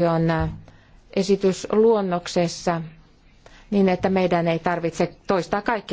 on äh, esitysluonnoksessa niin, että meidän ei tarvitse toistaa kaikkea.